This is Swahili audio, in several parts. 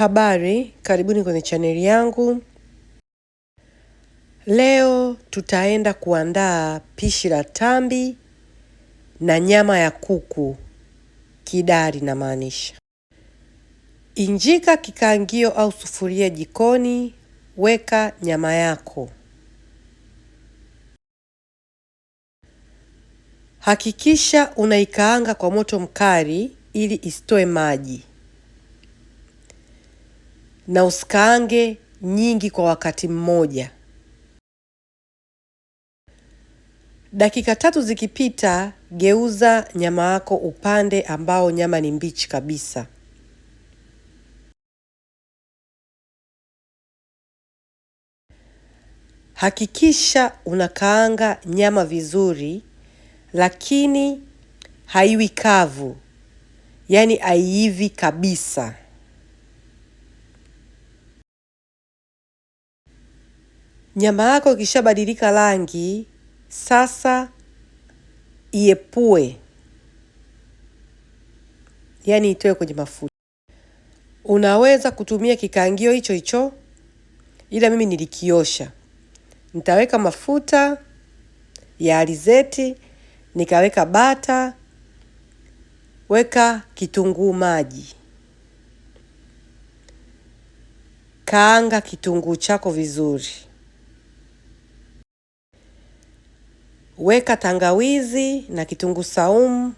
Habari, karibuni kwenye chaneli yangu. Leo tutaenda kuandaa pishi la tambi na nyama ya kuku kidari, namaanisha. Injika kikaangio au sufuria jikoni, weka nyama yako. Hakikisha unaikaanga kwa moto mkali ili isitoe maji na usikaange nyingi kwa wakati mmoja. Dakika tatu zikipita, geuza nyama yako upande ambao nyama ni mbichi kabisa. Hakikisha unakaanga nyama vizuri, lakini haiwi kavu, yaani haiivi kabisa. Nyama yako ikishabadilika rangi sasa, iepue, yaani itoe kwenye mafuta. Unaweza kutumia kikaangio hicho hicho, ila mimi nilikiosha. Nitaweka mafuta ya alizeti, nikaweka bata, weka kitunguu maji, kaanga kitunguu chako vizuri. weka tangawizi na kitunguu saumu,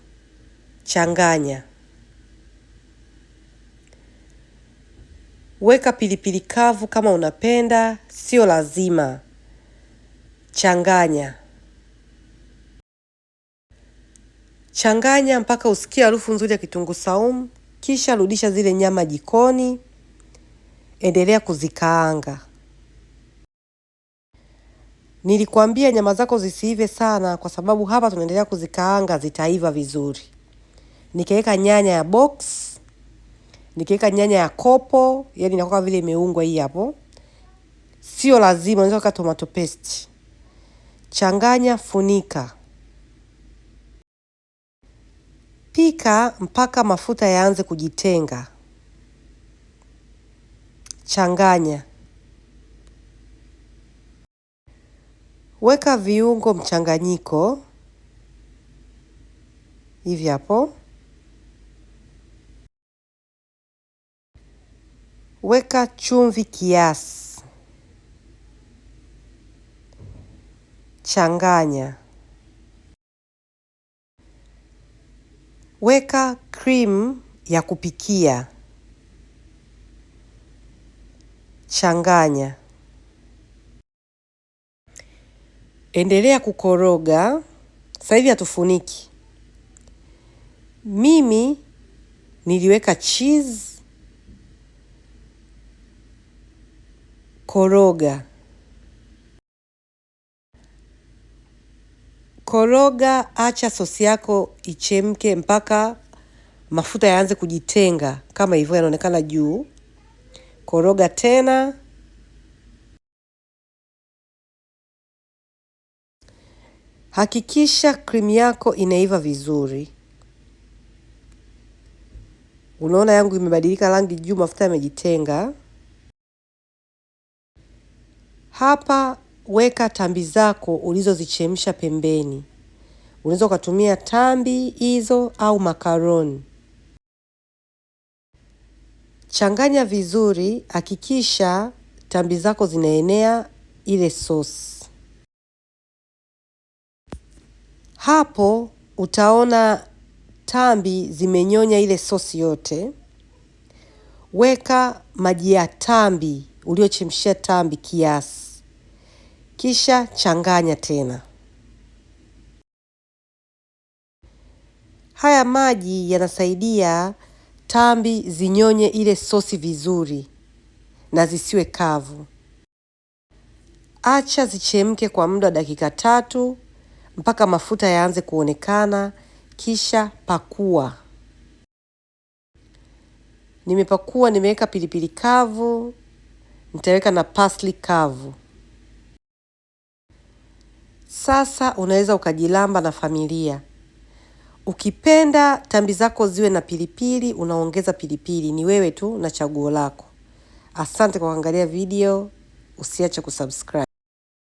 changanya, weka pilipili kavu kama unapenda, sio lazima, changanya changanya mpaka usikie harufu nzuri ya kitunguu saumu, kisha rudisha zile nyama jikoni, endelea kuzikaanga. Nilikuambia nyama zako zisiive sana, kwa sababu hapa tunaendelea kuzikaanga, zitaiva vizuri. Nikaweka nyanya ya box, nikaweka nyanya ya kopo, yani inakuwa vile imeungwa hii hapo. Sio lazima, unaweza kuweka tomato paste. Changanya, funika, pika mpaka mafuta yaanze kujitenga. Changanya. Weka viungo mchanganyiko hivi hapo. Weka chumvi kiasi, changanya. Weka cream ya kupikia, changanya. endelea kukoroga. Sasa hivi hatufuniki. Mimi niliweka cheese, koroga koroga, acha sosi yako ichemke mpaka mafuta yaanze kujitenga, kama hivyo yanaonekana juu. Koroga tena Hakikisha cream yako inaiva vizuri. Unaona yangu imebadilika rangi juu, mafuta yamejitenga. Hapa weka tambi zako ulizozichemsha pembeni. Unaweza ukatumia tambi hizo au makaroni. Changanya vizuri, hakikisha tambi zako zinaenea ile sosi. Hapo utaona tambi zimenyonya ile sosi yote. Weka maji ya tambi uliochemshia tambi kiasi, kisha changanya tena. Haya maji yanasaidia tambi zinyonye ile sosi vizuri na zisiwe kavu. Acha zichemke kwa muda wa dakika tatu mpaka mafuta yaanze kuonekana, kisha pakua. Nimepakua, nimeweka pilipili kavu, nitaweka na parsley kavu. Sasa unaweza ukajilamba na familia. Ukipenda tambi zako ziwe na pilipili, unaongeza pilipili. Ni wewe tu na chaguo lako. Asante kwa kuangalia video, usiache kusubscribe.